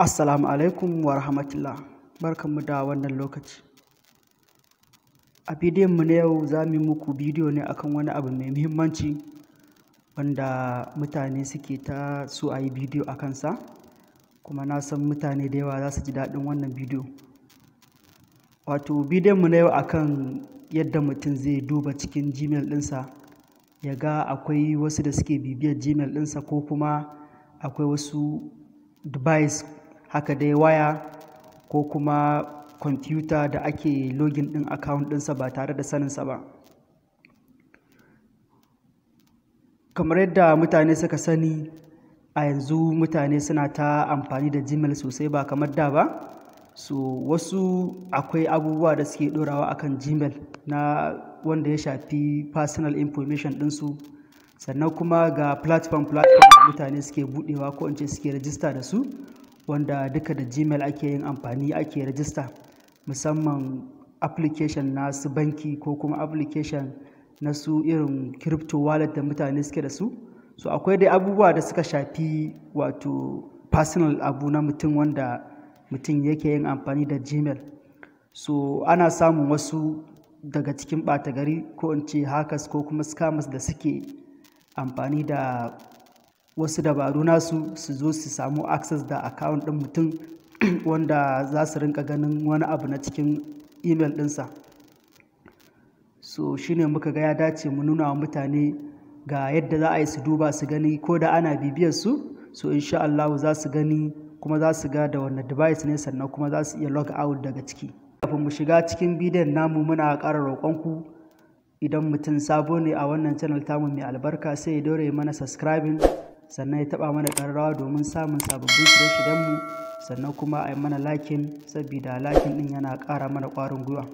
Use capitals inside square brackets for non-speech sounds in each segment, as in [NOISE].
Assalamu alaikum wa rahmatullah barkanmu da wannan lokaci a bidiyon mu na yau za mu yi muku bidiyo ne akan wani abu mai muhimmanci wanda mutane suke ta so a yi bidiyo a kansa kuma na san mutane da yawa za su ji daɗin wannan bidiyo wato bidiyon mu na yau akan yadda mutum zai duba cikin gmail ɗinsa ya ga akwai wasu da suke bibiyar gmail ɗinsa ko kuma akwai wasu device haka dai waya ko kuma kwamfuta da ake login ɗin account ɗinsa ba tare da saninsa ba kamar yadda mutane suka sani a yanzu mutane suna ta amfani da gmail sosai ba kamar da ba so wasu akwai abubuwa da suke ɗorawa akan gmail na wanda ya shafi personal information ɗinsu sannan kuma ga platform platform da mutane suke buɗewa ko in ce suke rajista da su wanda duka da gmail ake yin amfani ake rajista musamman application na su banki ko kuma application na su irin crypto wallet da mutane suke da su so akwai dai abubuwa da suka shafi wato personal abu na mutum wanda mutum yake yin amfani da gmail so ana samun wasu daga cikin ɓata gari ko in ce hackers ko kuma scammers da suke amfani da wasu dabaru nasu su zo su samu access da account ɗin mutum [CLEARS THROAT] wanda za su rinka ganin wani abu na cikin email ɗinsa so shine muka ga ya dace mu nuna wa mutane ga yadda za a yi su duba su gani ko da ana bibiyar su so insha Allah za su gani kuma za su ga da wannan device ne sannan kuma za su iya log out daga ciki kafin mu shiga cikin bidiyon namu muna ƙara roƙonku idan mutum sabo ne a wannan channel tamu mai albarka sai ya dore mana subscribing sannan ya taba mana rawa domin samun sababbin shirye-shiryenmu sannan kuma a yi mana lakin sabida lakin ɗin yana ƙara mana ƙwarin gwiwa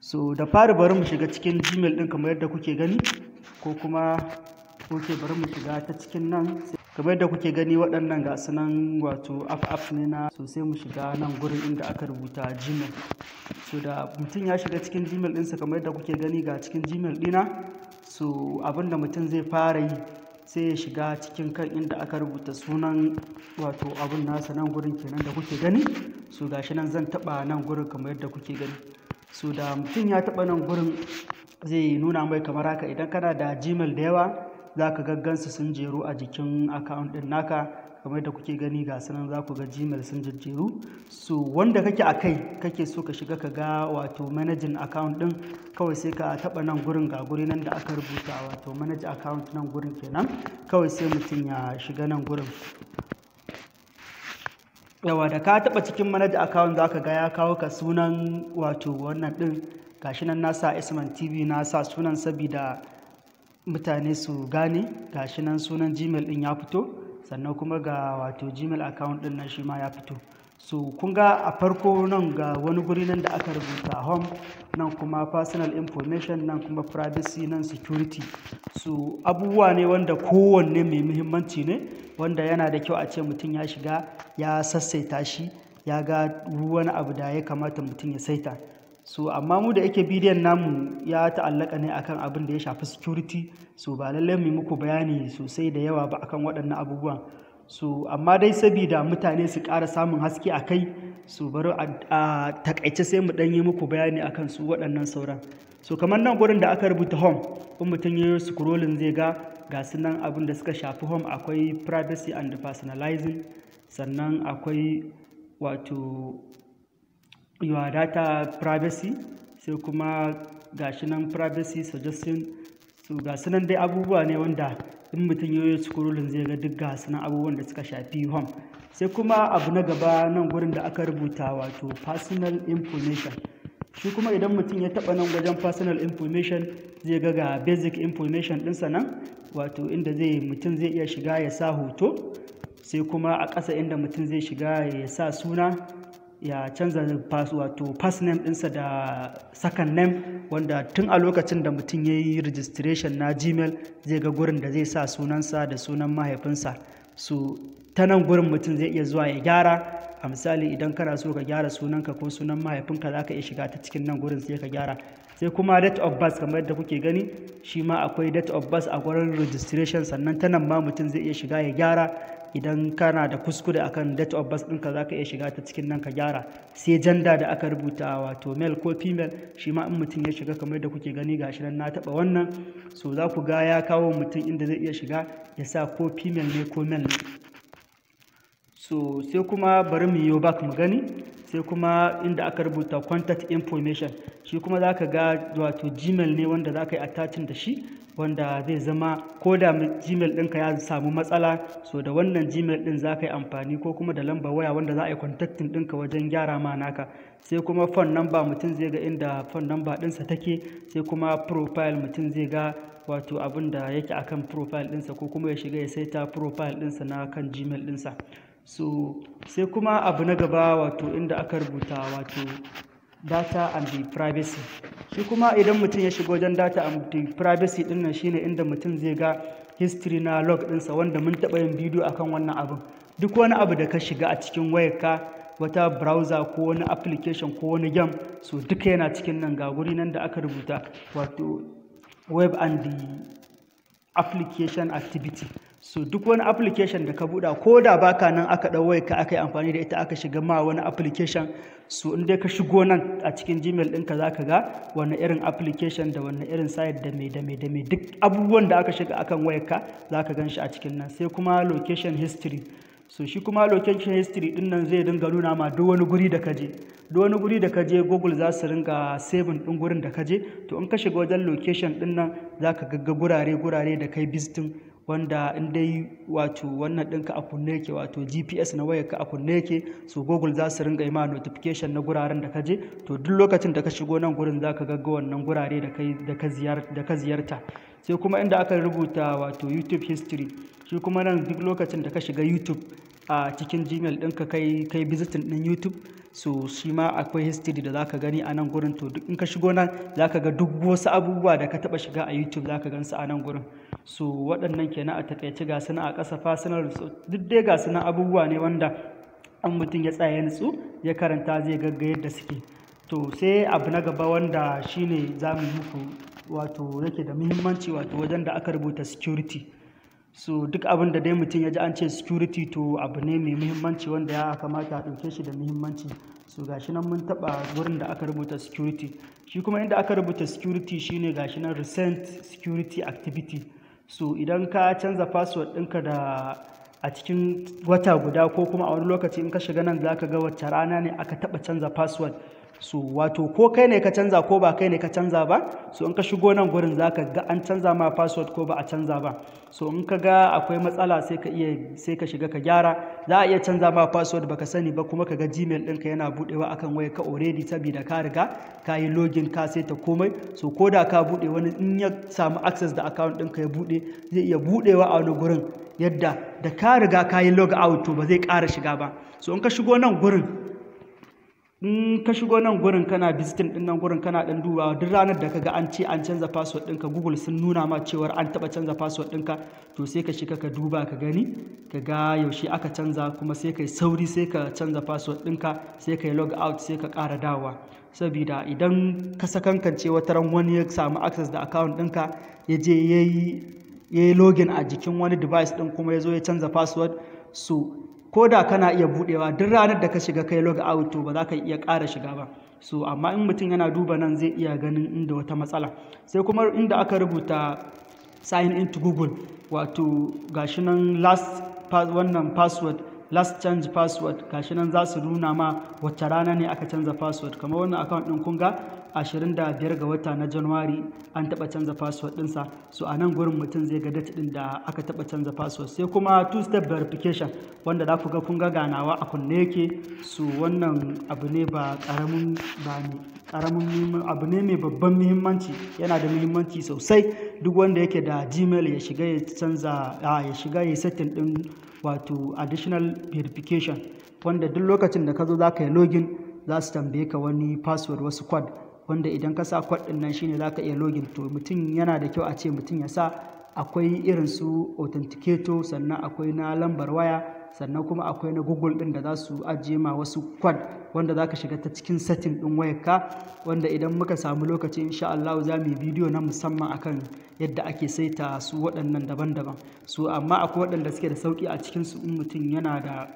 so da fari bari mu shiga cikin gmail ɗin kamar yadda kuke gani ko kuma kuke bari mu shiga ta cikin nan kamar yadda kuke gani waɗannan ga su nan wato app ne na so sai mu shiga nan gurin inda aka rubuta gmail so da mutum ya shiga cikin gmail ɗinsa kamar yadda kuke gani ga cikin gmail ɗina so abinda mutum zai fara yi sai ya shiga cikin kan inda aka rubuta sunan wato abun nasa nan gurin kenan da kuke gani su gashi nan zan taba nan gurin kamar yadda kuke gani su da mutum ya taba nan gurin zai nuna mai kamar haka idan kana da gmail da yawa za ka gaggansu sun jeru a jikin account din naka kamar da kuke gani ga sanan za ku ga gmail sun jajjeru so wanda kake a kai kake so ka shiga ka ga wato managing account din kawai sai ka taba nan gurin ga guri nan da aka rubuta wato manage account nan gurin kenan kawai sai mutum ya shiga nan gurin yawa da ka taba cikin manage account za ka ga ya kawo ka sunan wato wannan din gashi nan na sa isman tv na sa sunan sabida mutane su gane gashi nan sunan gmail din ya fito sannan kuma ga wato gmail account din nan shi ma ya fito so kun ga a farko nan ga wani guri nan da aka rubuta home nan kuma personal information nan kuma privacy nan security so abubuwa ne wanda kowanne mai muhimmanci ne wanda yana da kyau a ce mutum ya shiga ya sassaita shi ya ga wani abu da ya kamata mutum ya saita so amma mu da yake bidiyon namu ya ta'allaka ne akan abin da ya shafi security so ba lallai mu muku bayani sosai da yawa ba akan waɗannan abubuwan so amma dai sabida mutane su ƙara samun haske a kai so bari a takaice sai mu ɗan yi muku bayani akan su waɗannan sauran so kamar nan gurin da aka rubuta home in mutum ya yi scrolling zai ga ga su nan abin da suka shafi home akwai privacy and personalizing sannan akwai wato your data privacy sai kuma gashi nan privacy suggestion so ga sunan dai abubuwa ne wanda in mutum yoyo scrolling zai ga duk ga sunan abubuwan da suka shafi home sai kuma abu na gaba nan gurin da aka rubuta wato personal information shi kuma idan mutum ya taba nan wajen personal information zai ga ga basic information dinsa nan wato inda zai mutum zai iya shiga ya sa hoto sai kuma a ƙasa inda mutum zai shiga ya sa suna ya canza pass wato pass name ɗinsa da second name wanda tun a lokacin da mutum ya yi registration na gmail zai ga gurin da zai sa sunansa da sunan mahaifinsa su ta nan gurin mutum zai iya zuwa ya gyara a misali idan kana so ka gyara sunanka ko sunan mahaifinka za ka iya shiga ta cikin nan gurin sai ka gyara sai kuma date of birth kamar da kuke gani shi ma akwai date of birth a gurin registration sannan ta nan ma mutum zai iya shiga ya gyara idan kana da kuskure akan date of birth ɗinka za ka iya shiga ta cikin nan ka gyara sai janda da aka rubuta wato male ko female shi ma in mutum ya shiga kamar da kuke gani gashi nan na taɓa wannan so za ku ga ya kawo mutum inda zai iya shiga ya sa ko female ne ko male ne so sai kuma bari mu yi back mu gani sai kuma inda aka rubuta contact information shi kuma za ka ga wato gmail ne wanda za ka yi attaching da shi wanda zai zama ko da gmail ɗinka ya samu matsala so da wannan gmail ɗin za ka yi amfani ko kuma da lambar waya wanda za a yi contacting ɗinka wajen gyara ma naka sai kuma phone number mutum zai ga inda phone number ɗinsa take sai kuma profile mutum zai ga wato abin da yake akan profile ɗinsa ko kuma ya shiga ya saita profile ɗinsa na kan gmail ɗinsa so sai kuma abu na gaba wato inda aka rubuta wato data and the privacy shi kuma idan mutum ya shiga wajen data and the privacy din nan shine inda mutum zai ga history na log ɗinsa wanda mun taɓa yin bidiyo akan wannan abin duk wani abu da ka shiga a cikin wayarka wata browser ko wani application ko wani game so duka yana cikin nan ga guri nan da aka rubuta wato web and the application activity so duk wani application da ka buɗa ko da baka nan aka ɗau aka yi amfani da ita aka shiga ma wani application so in dai ka shigo nan a cikin gmail ɗinka za ka ga wani irin application da wani irin site da mai da mai da mai duk abubuwan da aka shiga akan wayar ka za ka gan shi a cikin nan sai kuma location history so shi kuma location history din nan zai dinga nuna ma duk wani guri da kaje duk wani guri da kaje google za su ringa saving din gurin da kaje to in ka shiga wajen location din nan za ka ga gurare gurare da kai visiting wanda in dai wato wannan ɗinka a kunne yake wato gps na wayarka a kunne yake so google za su ringa ma notification na guraren da ka je to duk lokacin da ka shigo nan gurin za ka gagga wannan gurare da ka ziyarta sai kuma inda aka rubuta wato youtube history shi kuma nan duk lokacin da ka shiga youtube a cikin gmail ɗinka kai kai visiting ɗin youtube so shi ma akwai history da zaka gani a nan gurin to duk in ka shigo nan zaka ga duk wasu abubuwa da ka taɓa shiga a youtube zaka gansu a nan gurin su waɗannan kenan a takaice ga suna a ƙasa fasinar duk dai ga suna abubuwa ne wanda an mutum ya tsaya ya nutsu ya karanta zai gagga yadda suke to sai abu na gaba wanda shine za mu muku wato yake da muhimmanci wato wajen da aka rubuta security so duk abin da dai mutum ya ji an ce security to abu ne mai muhimmanci wanda ya kamata a ɗauke shi da muhimmanci so gashi nan mun taɓa wurin da aka rubuta security shi kuma inda aka rubuta security shine gashi nan recent security activity so idan ka canza password ɗinka da a cikin wata guda ko kuma a wani lokaci in ka shiga nan za ka ga wacce rana ne aka taɓa canza password so wato ko kai ne ka canza ko ba kai ne ka canza ba so in ka shigo nan gurin za ka ga an canza ma password ko ba a canza ba so in ka ga akwai matsala sai ka ka shiga ka gyara za a iya canza ma password baka sani ba kuma ka ga gmail ɗinka yana buɗewa akan waya ka already saboda ka riga ka yi login ka ta komai so ko da ka buɗe wani in ya samu access da account ɗinka ya buɗe zai iya buɗewa a wani gurin yadda da ka riga ka yi log out to ba zai kara shiga ba so in ka shigo nan gurin in ka shigo nan gurin kana visiting din nan gurin kana dan duba duk ranar da kaga an ce an canza password ɗinka google sun nuna ma cewar an taba canza password ɗinka to sai ka shiga ka duba ka gani ka ga yaushe aka canza kuma sai ka sauri sai ka canza password ɗinka sai ka log out sai ka ƙara dawa saboda idan ka ce wata ran wani ya samu access da account ɗinka ya je ya yi login a jikin wani device ɗin kuma ya zo ya canza password so ko da kana iya budewa duk ranar da ka shiga kai log out to ba za ka iya ƙara shiga ba so amma in mutum yana duba nan zai iya ganin inda wata matsala sai kuma inda aka rubuta sign in to google wato gashi nan last wannan password last change password gashi nan za su nuna ma wacce rana ne aka canza password kamar wannan account din kun ga 25 ga wata na januwari an taɓa canza password ɗinsa so a nan gurin mutum zai ga date ɗin da aka taɓa canza password sai kuma two step verification wanda za ku ga kun ga ganawa a kunne yake so wannan abu ne ba ƙaramin ba ne ƙaramin abu ne mai babban muhimmanci yana da muhimmanci sosai duk wanda yake da gmail ya shiga ya canza ya shiga ya setting ɗin wato additional verification wanda duk lokacin da ka zo za ka yi login za su tambaye ka wani password wasu kwad wanda idan ka sa kwad ɗin nan shine zaka iya login to mutum yana da kyau a ce mutum ya sa akwai irin su authenticator sannan akwai na lambar waya sannan kuma akwai na google din da za su ajiye ma wasu kwad wanda zaka shiga ta cikin setting din wayarka wanda idan muka samu lokaci insha Allah za mu yi bidiyo na musamman akan yadda ake saita su waɗannan daban-daban su amma akwai waɗanda suke da sauki a cikin su in mutum yana da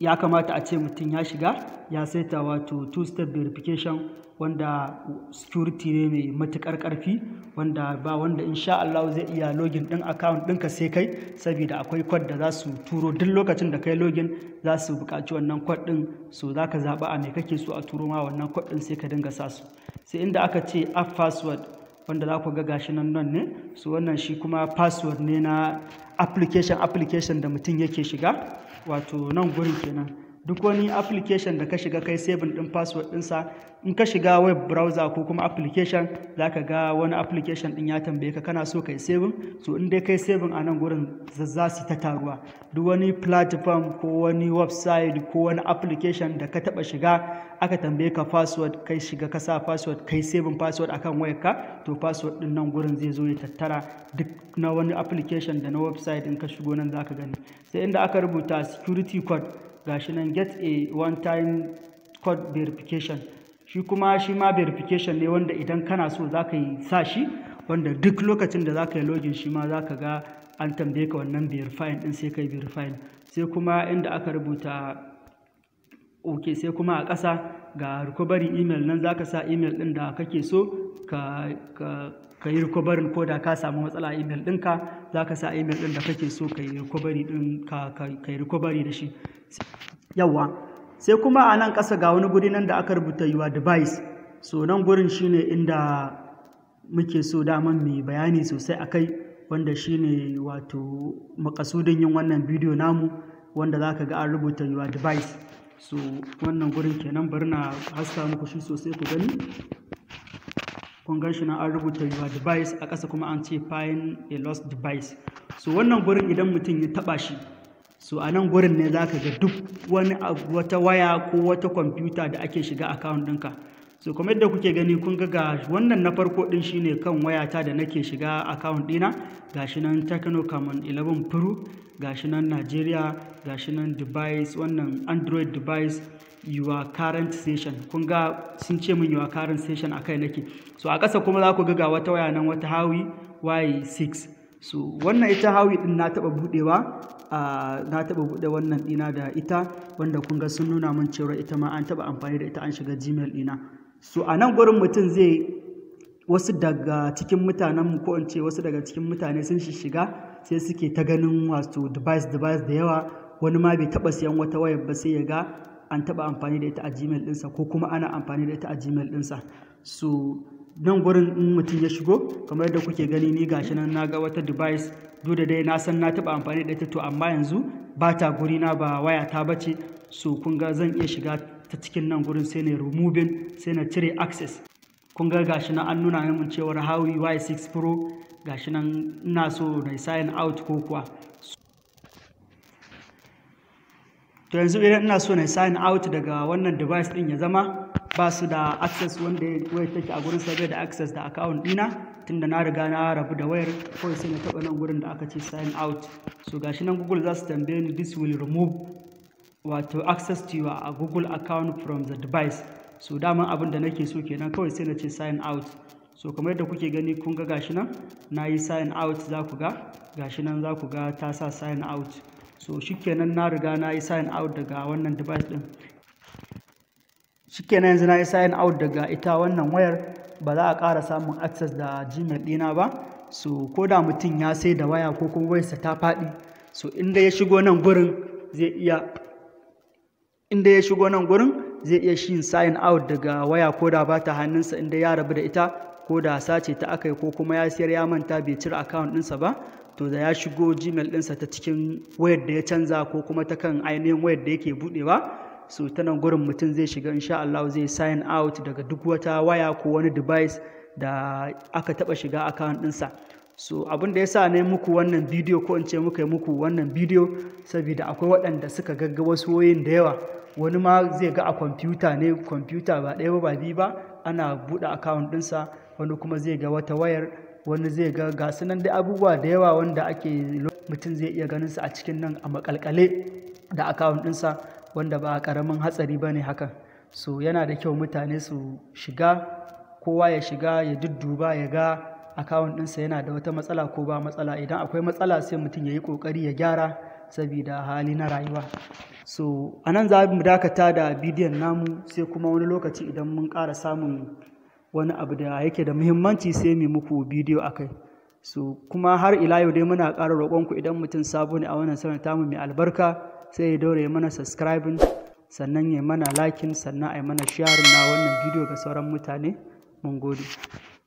ya kamata a ce mutum ya shiga ya saita wato two step verification wanda security ne mai matukar karfi wanda ba wanda insha Allah zai iya login din account ka sai kai saboda akwai code da za su turo duk lokacin da kai login za su buƙaci wannan code din so za ka zaɓa a mai kake so a turo ma wannan code din sai ka dinga sa su sai inda aka ce app password wanda za ku ga gashi nan nan ne so wannan shi kuma password ne na application application da mutum yake shiga wato nan gurin kenan duk wani application da ka shiga kai saving din password ɗinsa in ka shiga web browser ko kuma application za ka ga wani application ɗin ya tambaye ka kana so kai saving so in dai kai saving a nan gurin za su ta taruwa duk wani platform ko wani website ko wani application da ka taba shiga aka tambaye ka password kai shiga ka sa password kai saving password akan wayarka to password ɗin nan gurin zai zo ya tattara duk na wani application da na website in ka shigo nan za ka gani sai inda aka rubuta security code gashi nan get a one time code verification shi kuma shi ma verification ne wanda idan kana so za ka yi sa shi wanda duk lokacin da za ka yi login shi ma za ka ga an tambaye ka wannan verifying din sai ka yi verifying sai kuma inda aka rubuta ok sai kuma a ƙasa ga recovery email nan za ka sa email ɗin da kake so ka ka yi recovery ko da ka samu matsala a email ɗinka za ka sa email ɗin da kake so ka yi recovery ɗin ka yi recovery da shi yawa sai kuma a nan kasa ga wani guri nan da aka rubuta yiwa device so nan gurin shine inda muke so daman mai bayani sosai a kai wanda shine wato makasudin yin wannan bidiyo namu wanda za ka ga an rubuta yiwa device so wannan gurin kenan bari na haska muku shi sosai ku gani kun shi an rubuta your device a ƙasa kuma an ce find a lost device so wannan gurin idan mutum ya taɓa shi so a nan gurin ne za ka ga duk wani wata waya ko wata kwamfuta da ake shiga account ɗinka so kuma yadda kuke gani kun ga ga wannan na farko din shine kan wayata da nake shiga account dina gashi nan Techno Common 11 Pro gashi nan Nigeria gashi nan device wannan Android device your current session kun ga sun ce min your current session akai nake so a ƙasa kuma za ku ga wata waya nan wata hawi Y6 so wannan ita hawi din na taba budewa na taba bude wannan dina da ita wanda kun ga sun nuna min cewa ita ma an taba amfani da ita an shiga Gmail dina so a nan gurin mutum zai wasu daga cikin mutanenmu ko in ce wasu daga cikin mutane sun shiga sai suke ta ganin wato device device da yawa wani ma bai taba siyan wata wayar ba sai ya ga an taba amfani da ita a gmail ɗinsa ko kuma ana amfani da ita a gmail ɗinsa so nan gurin in mutum ya shigo kamar yadda kuke gani ni gashi nan na ga wata device duk da dai na san na taba amfani da ita to amma yanzu ba ta guri na ba waya ta bace so kun ga zan iya shiga ta cikin nan gurin sai na removing sai na cire access kun ga gashi na an nuna min cewar Huawei Y6 Pro gashi nan ina so na sign out ko kuwa to yanzu idan ina so na sign out daga wannan device din ya zama ba su da access wanda wai take a gurin sabai da access da account dina tunda na riga na rabu da wayar kawai sai na taba nan gurin da aka ce sign out so gashi nan google za su tambaye ni this will remove wato access to your uh, google account from the device so daman abin da nake so kenan kawai sai na ce sign out so kamar yadda kuke gani kun ga gashi nan na yi sign out za ku ga gashi nan za ku ga ta sa sign out so shikenan na riga na yi sign out daga wannan device din shikenan yanzu na yi sign out daga ita wannan wayar ba za a ƙara samun access da gmail ɗina ba so ko da mutum ya sai da waya ko kuma wayarsa ta faɗi so inda ya shigo nan gurin zai iya inda ya shigo nan gurin zai iya shi sign out daga waya ko da ba ta hannunsa inda ya rabu da ita ko da sace ta aka yi ko kuma ya siyar ya manta bai cire account ɗinsa ba to da ya shigo gmail ɗinsa ta cikin wayar da ya canza ko kuma ta kan ainihin wayar da yake buɗewa so ta nan gurin mutum zai shiga insha Allah zai sign out daga duk wata waya ko wani device da aka taɓa shiga account ɗinsa so abin da ya sa ne muku wannan bidiyo ko in ce muka yi muku wannan bidiyo saboda akwai waɗanda suka gagga wasu wayoyin da yawa wani ma zai ga a kwamfuta ne kwamfuta ba ɗaya ba ba biyu ba ana buɗe akawun ɗinsa wani kuma zai ga wata wayar wani zai ga gasu nan dai abubuwa da yawa wanda ake mutum zai iya ganin su a cikin nan a makalkale da akawun ɗinsa wanda ba ƙaramin hatsari ba ne hakan so yana da kyau mutane su shiga kowa ya shiga ya dudduba ya ga akawun ɗinsa yana da wata matsala ko ba matsala idan akwai matsala sai mutum ya yi ƙoƙari ya gyara saboda hali na rayuwa so a nan za mu dakata da bidiyon namu sai kuma wani lokaci idan mun ƙara samun wani abu da yake da muhimmanci sai mu muku bidiyo a kai so kuma har ila yau dai muna ƙara roƙonku idan mutum sabo ne a wannan sanar tamu mai albarka sai ya ya mana subscribing sannan ya mana liking sannan a yi mana sharing na wannan bidiyo ga sauran mutane mun gode